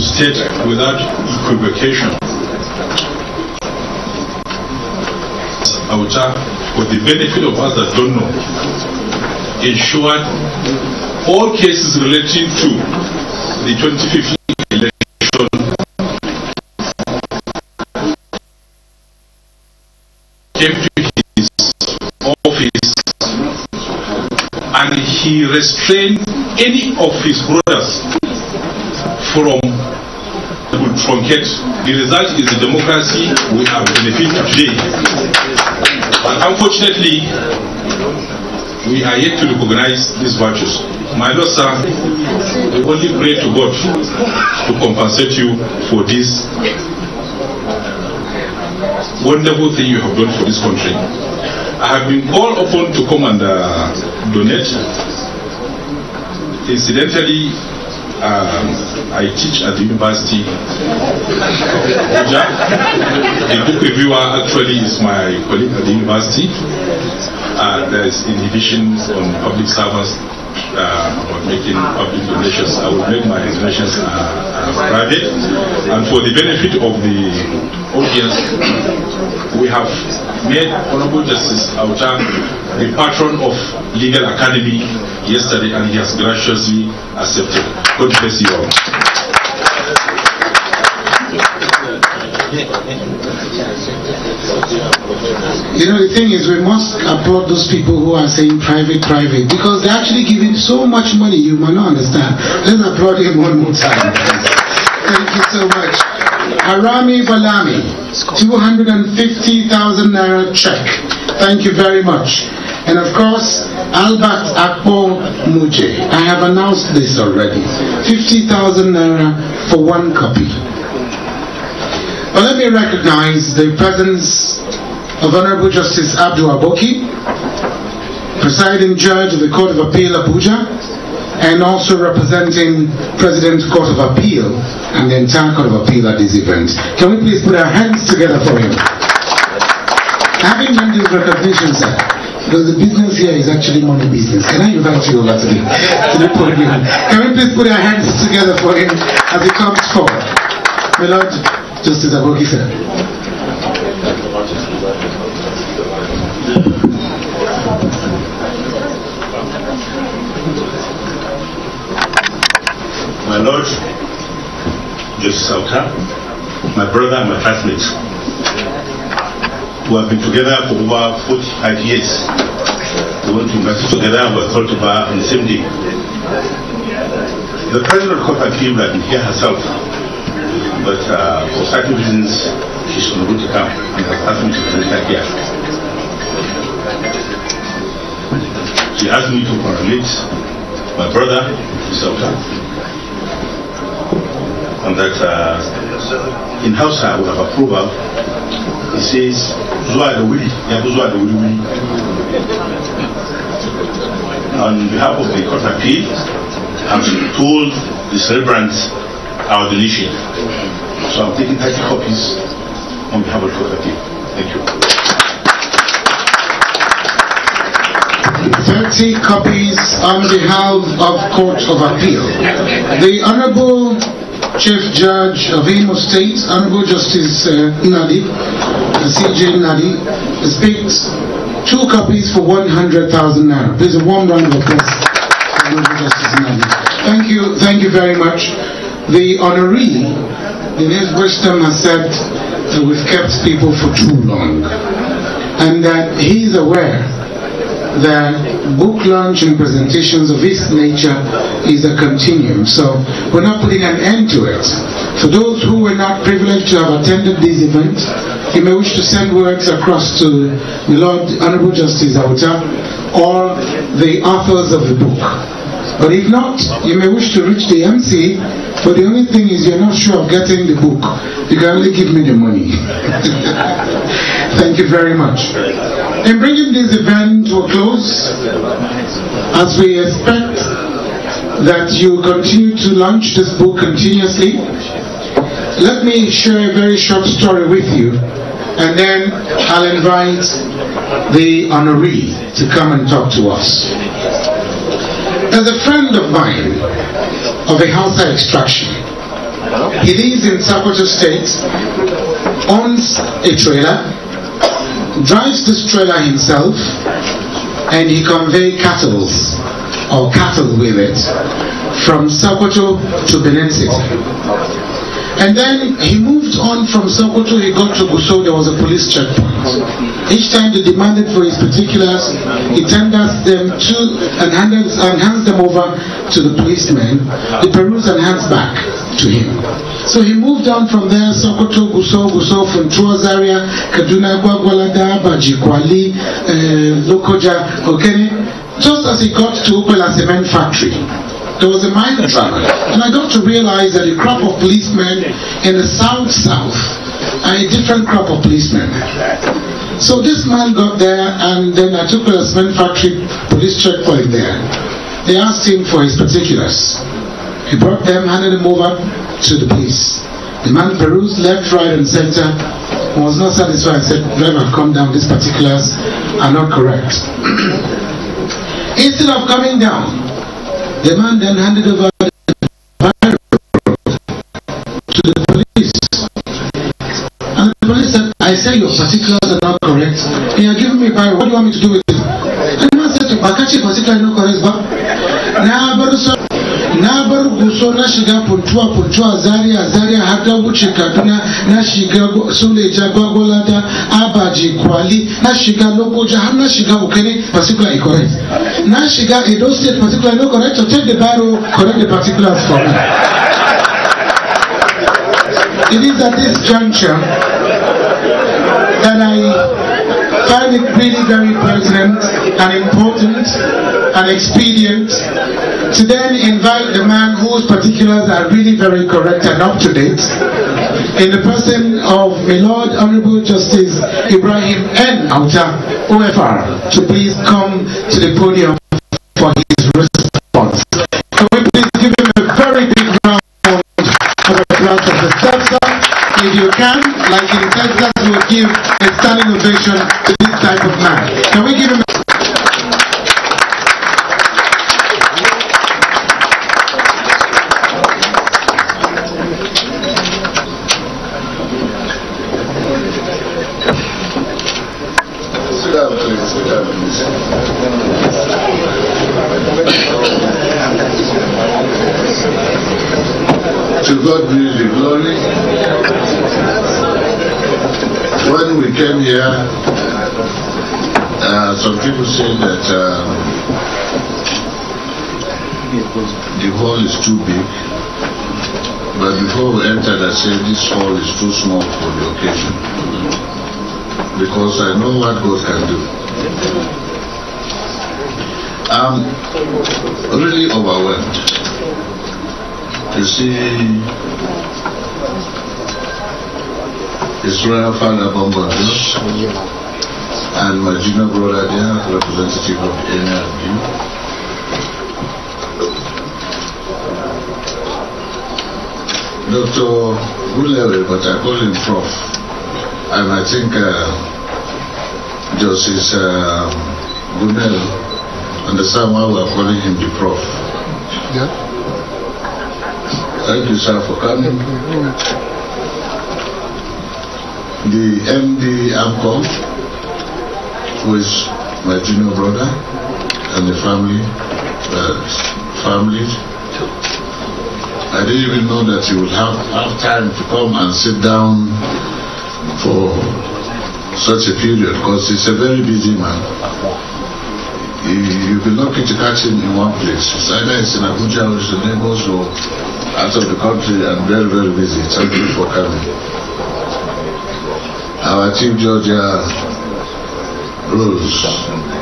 to state without equivocation Auta, for the benefit of us that don't know, ensured all cases relating to the 2015 election came to his office and he restrained any of his brothers from would truncate. The result is the democracy we have benefited today. unfortunately, we are yet to recognize these virtues. My Lord, sir, we only pray to God to compensate you for this wonderful thing you have done for this country. I have been called upon to come and uh, donate. Incidentally, um, I teach at the University of Abuja. The book reviewer actually is my colleague at the university. Uh, there's inhibitions on public servants uh, about making public donations. I will make my donations uh, uh, private. And for the benefit of the audience, we have made Honorable Justice Autan the patron of Legal Academy yesterday, and he has graciously accepted. God bless you all. You know, the thing is, we must applaud those people who are saying private, private, because they're actually giving so much money, you might not understand. Let's applaud him one more time. Thank you so much. Harami Balami, 250,000 naira check. Thank you very much. And of course, Albert Akpo Muje. I have announced this already. 50,000 naira for one copy. But let me recognize the presence of Honorable Justice Abdul Aboki, presiding judge of the Court of Appeal Abuja, and also representing President Court of Appeal and the entire Court of Appeal at this event. Can we please put our hands together for him? Having done this recognition, sir, because the business here is actually money business. Can I invite you over to the, to the podium? Can we please put our hands together for him as he comes forward? My Lord, to the sir. My Lord, Justice Sauta, my brother and my classmates, we have been together for over 45 years. We went to university together and we were called to bar on the same day. The president of the court of appeal, like here herself, but uh, for certain reasons, she's on the route to come and has asked me to present her here. She asked me to congratulate my brother, Mr. Oka, on that uh, in I would have approval. He says, Zwa the Willy, Zwa the Willy. On behalf of the court appeal, I'm told the celebrants I'll delete it. So I'm taking 30 copies on behalf of appeal. Thank you. 30 copies on behalf of Court of Appeal. The Honorable Chief Judge of Imo State, Honorable Justice uh, Nadi, uh, CJ Nadi, speaks two copies for 100,000 naira. There's a warm round of applause. Thank you, thank you very much. The honoree, in his wisdom, has said that we've kept people for too long and that he's aware that book launch and presentations of this nature is a continuum. So we're not putting an end to it. For those who were not privileged to have attended these events, you may wish to send words across to the Lord Honorable Justice Auta or the authors of the book. But if not, you may wish to reach the MC, but the only thing is you're not sure of getting the book. You can only give me the money. Thank you very much. In bringing this event to a close, as we expect that you continue to launch this book continuously, let me share a very short story with you and then I'll invite the honoree to come and talk to us. There's a friend of mine of a Hausa extraction. He lives in Sokoto State, owns a trailer, drives this trailer himself, and he conveys cattle or cattle with it from Sokoto to Benin City. And then he moved on from Sokoto, he got to Gusau, there was a police checkpoint. Each time they demanded for his particulars, he tenders them to and hands, and hands them over to the policeman. The Perus and hands back to him. So he moved on from there, Sokoto, Gusau, Gusau, Funtua, Zaria, Kaduna, Gwagwalada, Bajikwali, uh, Lokoja, Okene, just as he got to Upala Cement Factory there was a minor drama. And I got to realize that a crop of policemen in the South South are a different crop of policemen. So this man got there, and then I took a cement factory police checkpoint there. They asked him for his particulars. He brought them, handed them over to the police. The man perused left, right, and center, was not satisfied. Said, "Driver, come down. These particulars are not correct." Instead of coming down, The man then handed over the fire to the police. And the police said, I say your particulars are not correct. And are giving me fire. What do you want me to do with it? And the man said to Bakachi particulars are not correct, but now nah, but so na bar guso na shiga puntuwa puntuwa zaria zaria har ta wuce kaduna na shiga suleja gwagwalada abaji kwali na shiga lokoja har na shiga okene particular correct na shiga edo state particular no correct so take the biro correct the particulars for me it is at this juncture that i find it really very pertinent and important and expedient to then invite the man whose particulars are really very correct and up to date in the person of my Lord Honorable Justice Ibrahim N. Auta, OFR, to please come to the podium for his To God be the glory. When we came here, uh, some people said that um, the hall is too big. But before we entered, I said this hall is too small for the occasion. Because I know what God can do. I'm really overwhelmed to see Israel Father Bombardus and my junior brother there, representative of NLB. Dr. Gulere, but I call him Prof. And I think uh, Justice uh, Brunel understand why we are calling him the prof. Yeah. Thank you, sir, for coming. The MD AMCOM, who is my junior brother, and the family, uh, family. I didn't even know that you would have, have time to come and sit down for such a period because he's a very busy man. He, you will not to catch him in one place. It's either it's in Abuja or it's the neighbors or out of the country and very, very busy. Thank you for coming. Our team Georgia Rose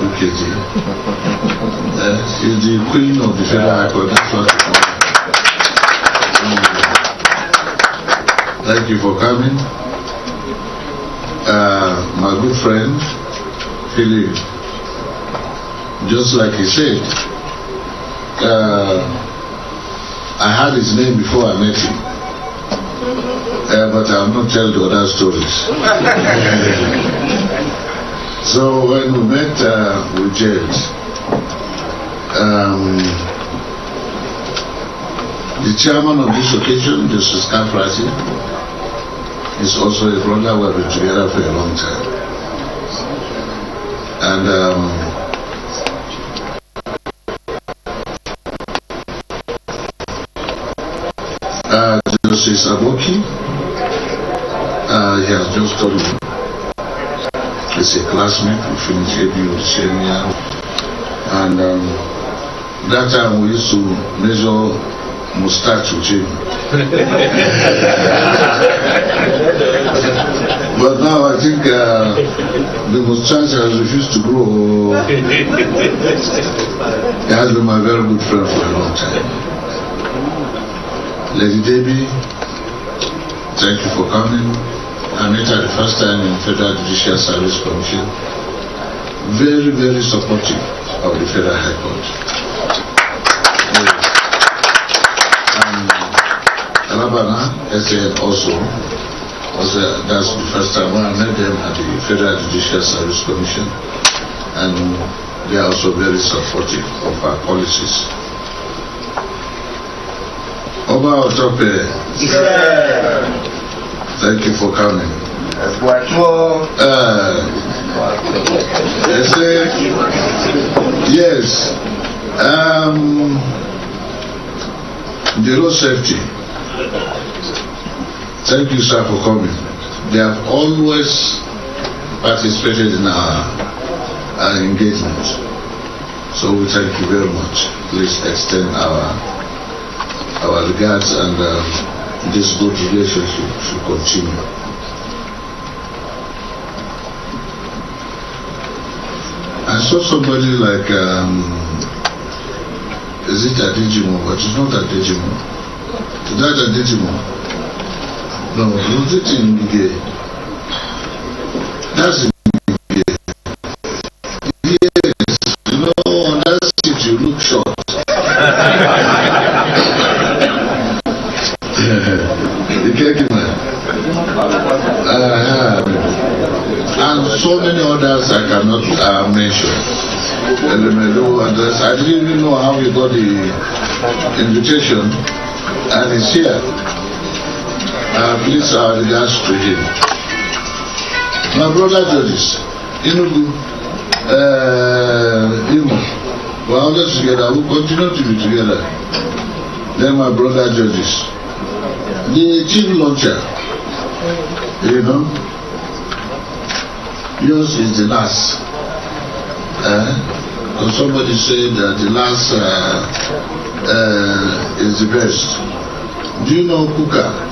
UKT. Uh, she's the queen of the federal court. That's what Thank you for coming. uh, my good friend Philip, just like he said, uh, I had his name before I met him. Mm-hmm. Uh, but i am not telling the other stories. so when we met uh, with James, um, the chairman of this occasion, Justice Kafrasi, is also a brother we have been together for a long time. And um, uh, Justice Aboki, uh, he has just told me, he's a classmate, we finished ABU the same year. And um, that time we used to measure mustache ce but now I think uh, the mustache has refused to grow he has been my very good friend for a long time Lady Debbie thank you for coming I met her the first time in Federal Judicial Service Commission very very supportive of the Federal High Court Alabana SN also was a, that's the first time I met them at the Federal Judicial Service Commission and they are also very supportive of our policies. Oba Otope, thank you for coming. Uh, they say, yes, um, Road safety. Thank you, sir, for coming. They have always participated in our, our engagement. So we thank you very much. Please extend our our regards and um, this good relationship should continue. I saw somebody like, um, is it Adigimo? But it's not Adigimo. Is that Adigimo? no music in the that's in the yes no that's if you look short you get it man uh, and so many others I cannot uh, mention I didn't even know how you got the invitation and it's here uh, please our regards to him. My brother Jolis, Inugu, uh, Imu, we are always together, we continue to be together. Then my brother Jolis, the chief launcher, you know, yours is the last. Uh, eh? so somebody said that the last uh, uh, is the best. Do you know Kuka?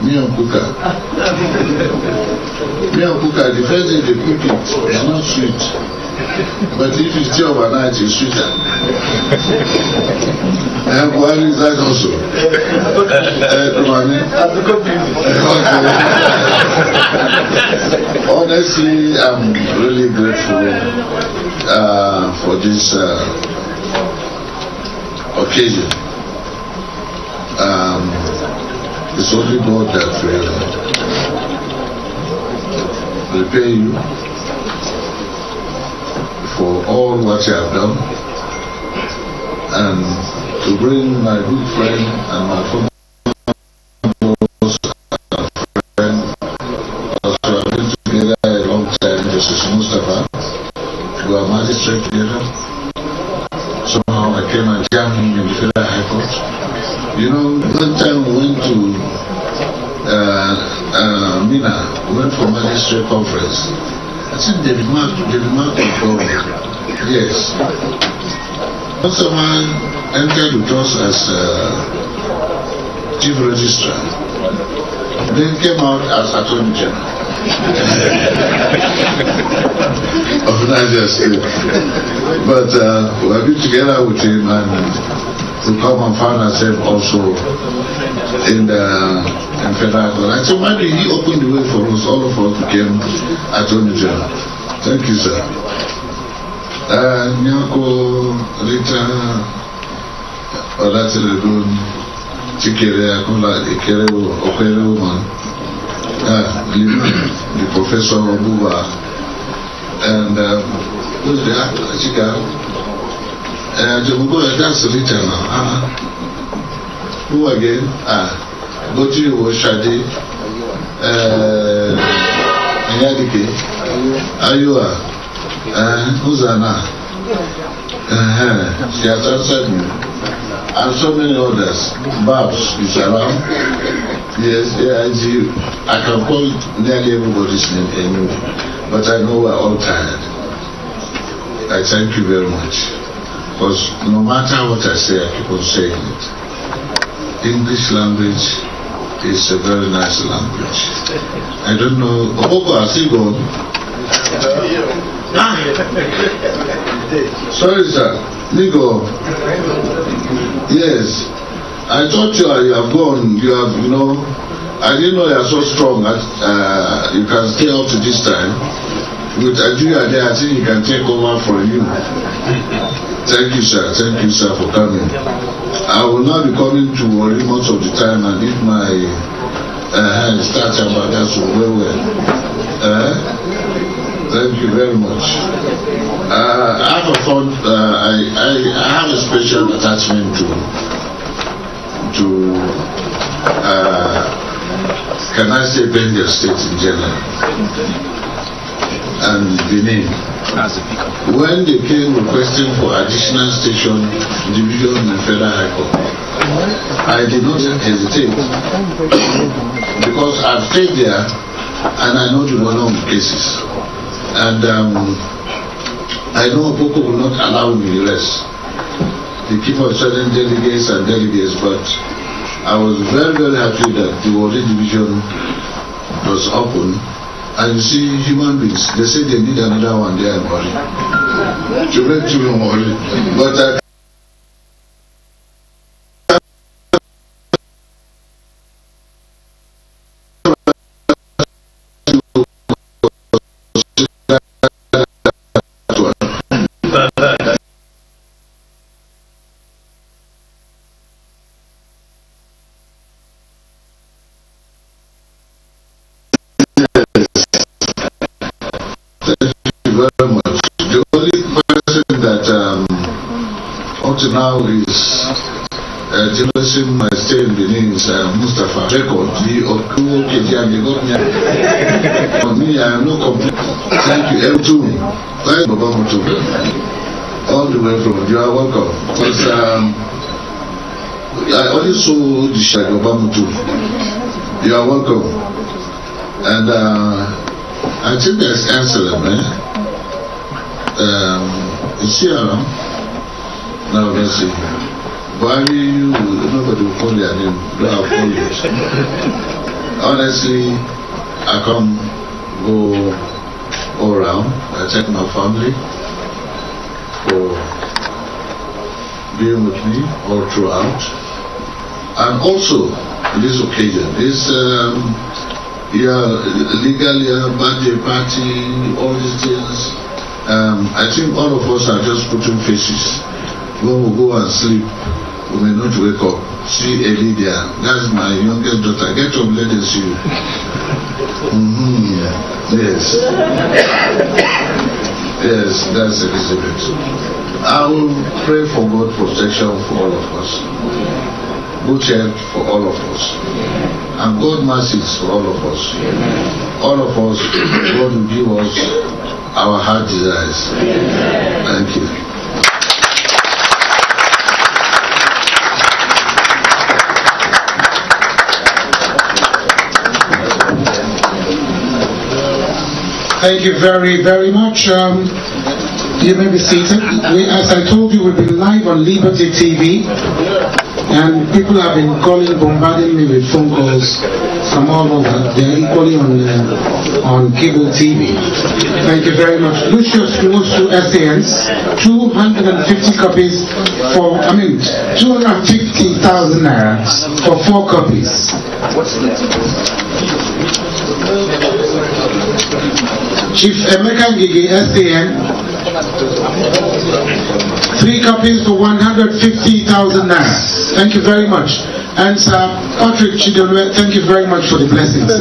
Miyan kuka. Miyan kuka, the first thing they cook it, is not sweet. But if it's stay overnight, it's sweeter. Ẹ kò wá that also. Ẹ eh, tó eh? Honestly, I'm really grateful uh, for this uh, occasion. Um, It's only God that will repay you for all what you have done and to bring my good friend and my former friend as have been together a long time, Justice Mustafa, who are magistrate here You know, that time we went to uh, uh, Mina, we went for magistrate conference. I think they remarked, they remarked the Yes. Once someone entered with us as uh, chief registrar, then came out as attorney general. of Niger State. But uh, we have been together with him and to come and find ourselves also in the in federal court. And so why did he open the way for us, all of us became attorney general. Thank you, sir. Uh, Nyako, Rita, Olatiledun, Chikere, Akola, Ikere, Okere, Oman, uh, the Professor Obuba, and uh, who's the actor, Chikere? ẹ̀yà tó gbogbo ẹ̀ dá sòlítà náà ah who again ah bójú ìwò ṣadé ẹ̀yà dìke ayúwa húzànà she has answered me and so many others babs is Yes, yes aig i can call nearly everybody's name anyway but i know we're all tired i thank you very much. Because no matter what I say, I keep on saying it. English language is a very nice language. I don't know. Obobo oh, Asigo. Ah. Sorry, sir. Nigo. Yes. I thought you, are, you have gone. You have, you know. I didn't know you are so strong. That, uh, you can stay up to this time. With Nigeria, there, I think he can take over for you. Thank you, sir. Thank you, sir, for coming. I will not be coming to worry most of the time, and if my uh, hand about that, so well, well. Uh, Thank you very much. Uh, I have a fond, uh, I, I, I have a special attachment to to uh, can I say Bengal State in general. and Benin. When they came requesting for additional station division in Federal High Court, I did not hesitate because I've stayed there and I know the one of the places. And um, I know Boko will not allow me less. They keep on sending delegates and delegates, but I was very, very happy that the Wadi division was open and you see human beings, they say they need another one, there. are in hurry. Children too in hurry. But I. now is uh, Jelasim my stay in Benin is uh, Mustafa Record. The Okuwo Kejia, they got me. For me, I am no complete. Thank you, M2. Thank you, Baba Mutu. All the way from, you are welcome. But, um, I only saw the Shag Baba Mutu. You are welcome. And uh, I think there's Anselm, eh? Um, is he around? Now let's see. are you, nobody will call your name. No, I'll call you. Honestly, I come go all around. I check my family for being with me all throughout. And also, this occasion, this um, year, legal year, birthday party, all these things, um, I think all of us are just putting faces Go, go and sleep. We may not wake up. See Elidia. Ah. That's my youngest daughter. Get up, let us see you. Mm-hmm. Yes. yes, that's Elizabeth. I will pray for God's protection for all of us. Good health for all of us. And God's mercies for all of us. All of us, God will give us our heart desires. Thank you. Thank you very, very much. Um, you may be seated. We, as I told you, we have been live on Liberty TV, and people have been calling, bombarding me with phone calls from all over. They're equally on uh, on cable TV. Thank you very much. Lucius goes to SANs, 250 copies for, I mean, 250,000 naira for four copies. What's the Chief Emeka Ngige, SAN. Three copies for 150,000 naira. Thank you very much. And Sir Patrick Chidolwe, thank you very much for the blessings.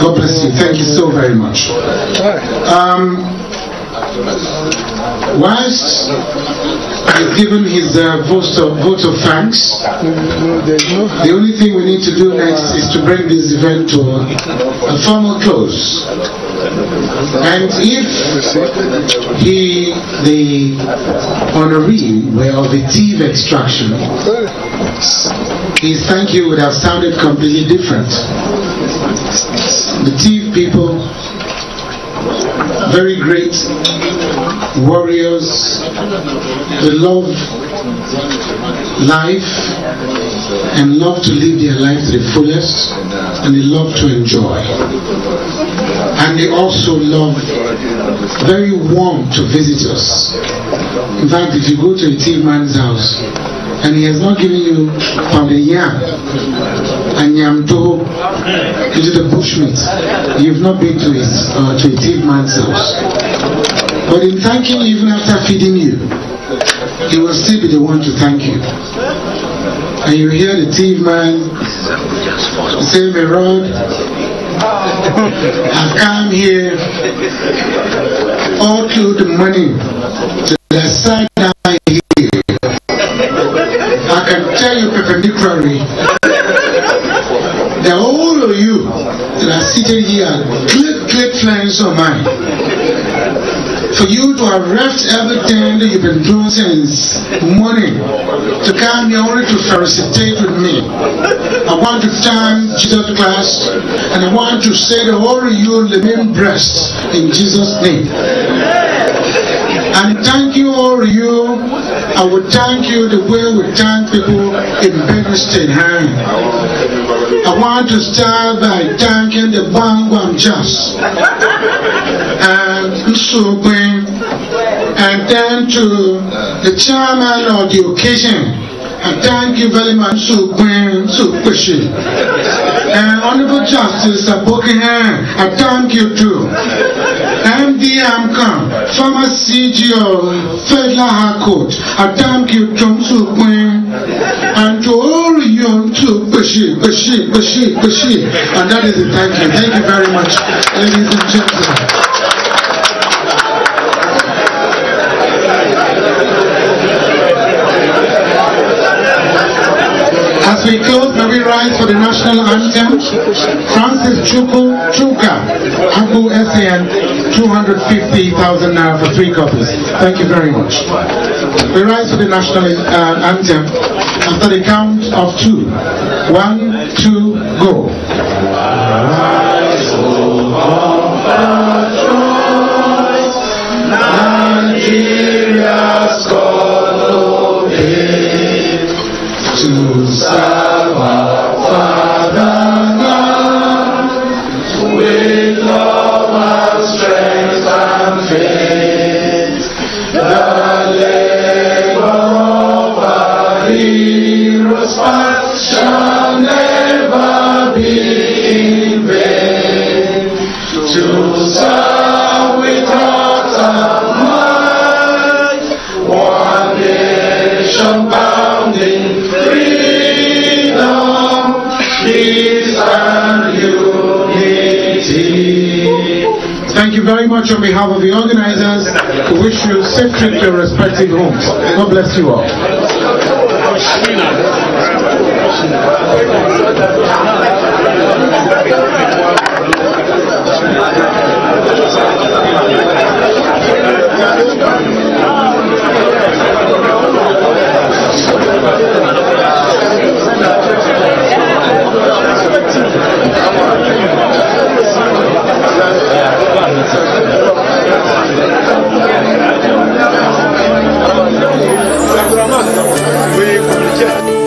God bless you. Thank you so very much. Um, Whilst I've given his uh, vote, of, vote of thanks, the only thing we need to do next is to bring this event to a formal close. And if he, the honoree, were of a thief extraction, his thank you would have sounded completely different. The thief people, very great, warriors, they love life and love to live their life to the fullest and they love to enjoy. And they also love very warm to visitors. In fact, if you go to a tea man's house, and he has not given you pounded yam and yam toho, which is the bushmeat. You've not been to his uh, to a thief man's house. But in thanking you, even after feeding you, he will still be the one to thank you. And you hear the thief man say, My rod, I've come here all through the morning to the side that I hear. I can tell you perpendicularly that all of you that are sitting here, click, click, friends of mine for you to arrest everything that you've been doing since morning to come here only to felicitate with me. I want to thank Jesus Christ and I want to say to all of you living breasts in Jesus' name. And thank you all you. I would thank you the way we thank people in Beniston Hand. I want to start by thanking the Bangwam Just and Nsu and then to the chairman of the occasion. And thank you very much, Supreme Supreme Nsu And Honorable Justice Abokinhan, I thank you too. MD Amkan, former CG Federal High Court, I thank you too. Supreme And to all you too, Bushi, Bushi, Bushi, Bushi. And that is it, thank you. Thank you very much, ladies and gentlemen. the national anthem, Francis Chuku Chuka, Abu SAN, 250,000 naira for three copies. Thank you very much. We rise to the national uh, anthem after the count of two. One, two, go. very much on behalf of the organizers we wish you safe trip to your respective homes. God bless you all. Yeah.